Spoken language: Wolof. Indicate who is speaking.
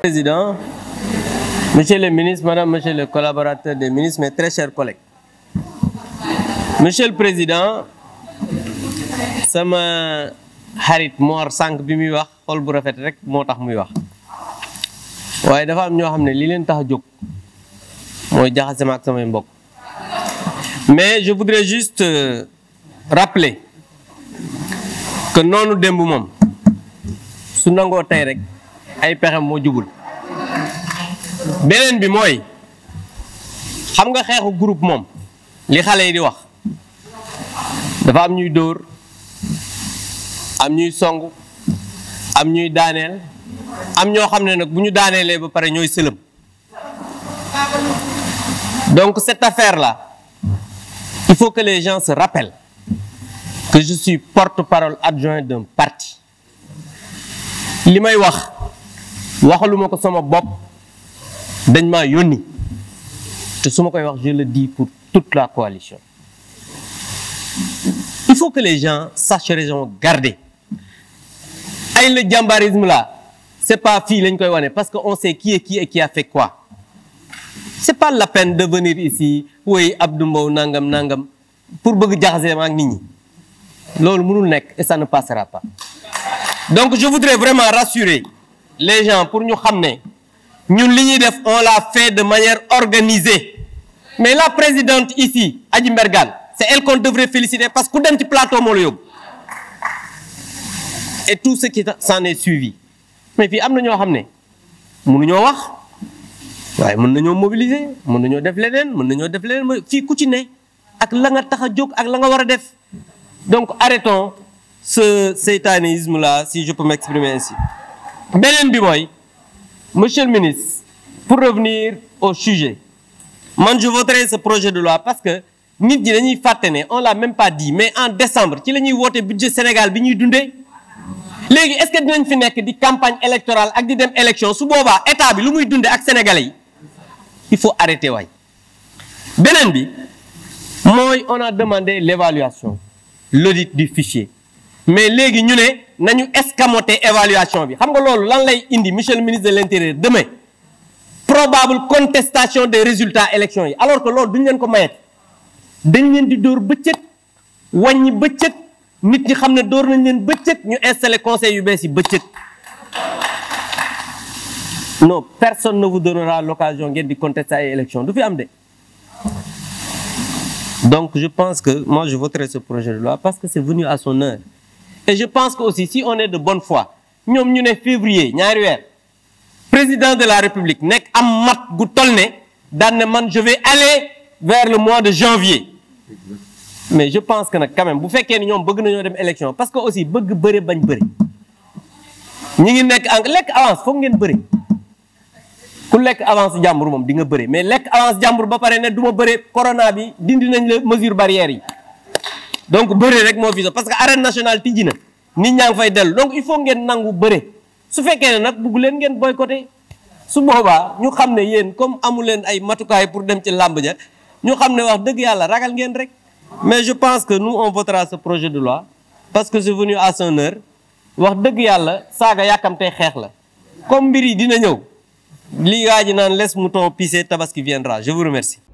Speaker 1: Président, Monsieur le ministre, Madame, Monsieur le collaborateur des ministres, mes très chers collègues. Monsieur le Président, sama me harit sànq bi muy wax xol bu rafet rek motax muy wax waye dafa am ño xamné li mais je voudrais juste euh, rappeler que nous nous mom su nango tay rek ay pexem moo jubul beneen bi mooy xam nga xeexu groupe moom li xale yi di wax dafa am ñuy dóor am ñuy song am ñuy daaneel am ñoo xam ne nag bu ñu daaneelee ba pare ñooy donc cette affaire là il faut que les gens se rappellent que je suis porte-parole adjoint d'un parti li may wax waxaluma ko sama bopp dañ maa yónni te su koy wax je le dis pour toute la coalition il faut que les gens sachent raison garder ay le gambarisme là c'est pas fii lañ koy parce qu'on sait qui est qui et qui a fait quoi c'est pas la peine de venir ici woy Abdou Mbow nangam nangam pour bëgg jaxase ak nit ñi mënul et ça ne passera pas donc je voudrais vraiment rassurer les gens pour nous ramener, nous ñun li on l'a fait de manière organisée mais la présidente ici Adji Mergan, c'est elle qu'on devrait féliciter parce que ku un ci plateau et tout ce qui s'en est suivi mais fii nous na ñoo Nous ne mënuñoo wax waaye mën nañoo mobiliser mon nous def lenen, mën nañoo def lenen, fi ku ci ne ak la nga tax a ak la nga wara def donc arrêtons ce satanisme là si je peux m'exprimer ainsi bi monsieur le ministre pour revenir au sujet je voterai ce projet de loi parce que nit ñi dañuy fàtte ne l'a même pas dit mais en décembre ci a voté le budget Sénégal bi ñuy est-ce que dinañ fi nekk di campagne électorale ak di dem élection su boobaa état bi lu muy sénégalais il faut arrêter waay beneen bi on a demandé l'évaluation l'audit du fichier mais les ñu ne nañu escamoter évaluation bi xam nga loolu lan lay indi monsieur le ministre de l'intérieur demain probable contestation des résultats élections alors que loolu duñ leen ko mayet dañ leen di dóor bëccëg wàññi bëccëg nit ñi xam ne dóor nañ leen bëccëg ñu installer conseil yu bees yi non personne ne vous donnera l'occasion de contester élection. élections du fi donc je pense que moi je voterai ce projet de loi parce que c'est venu à son heure et je pense que aussi si on est de bonne foi, nous sommes en février, ñaari président de la République nekk am mat gu toll man je vais aller vers le mois de janvier. mais je pense que nak quand même bu féké ni ñoom bëgg nañoo élection parce que aussi bëgg bëre bañ bëre ñi ngi nekk en avance fo ngeen bëre ku lekk avance jàmbur mom di nga bëre mais lekk avance jàmbur ba paré ne du ma bëre corona bi dindi nañ le mesure barrière yi. donc bëre rek moo fi parce que arène nationale tijji na nit ñaa ngi fay dellu donc il faut ngeen nangu bëre su fekkee ne nag bugg leen ngeen boycotté su boobaa ñu xam ne yéen comme amu leen ay matukaay pour dem ci làmb ja ñu xam ne wax dëgg yàlla ragal ngeen rek mais je pense que nous on votera ce projet de loi parce que c'est venu à son heure wax dëgg yàlla saaga yàkkamtee xeex la comme mbir yi dina ñëw li waa ji naan laisse mouton pisser tabaski viendra je remercie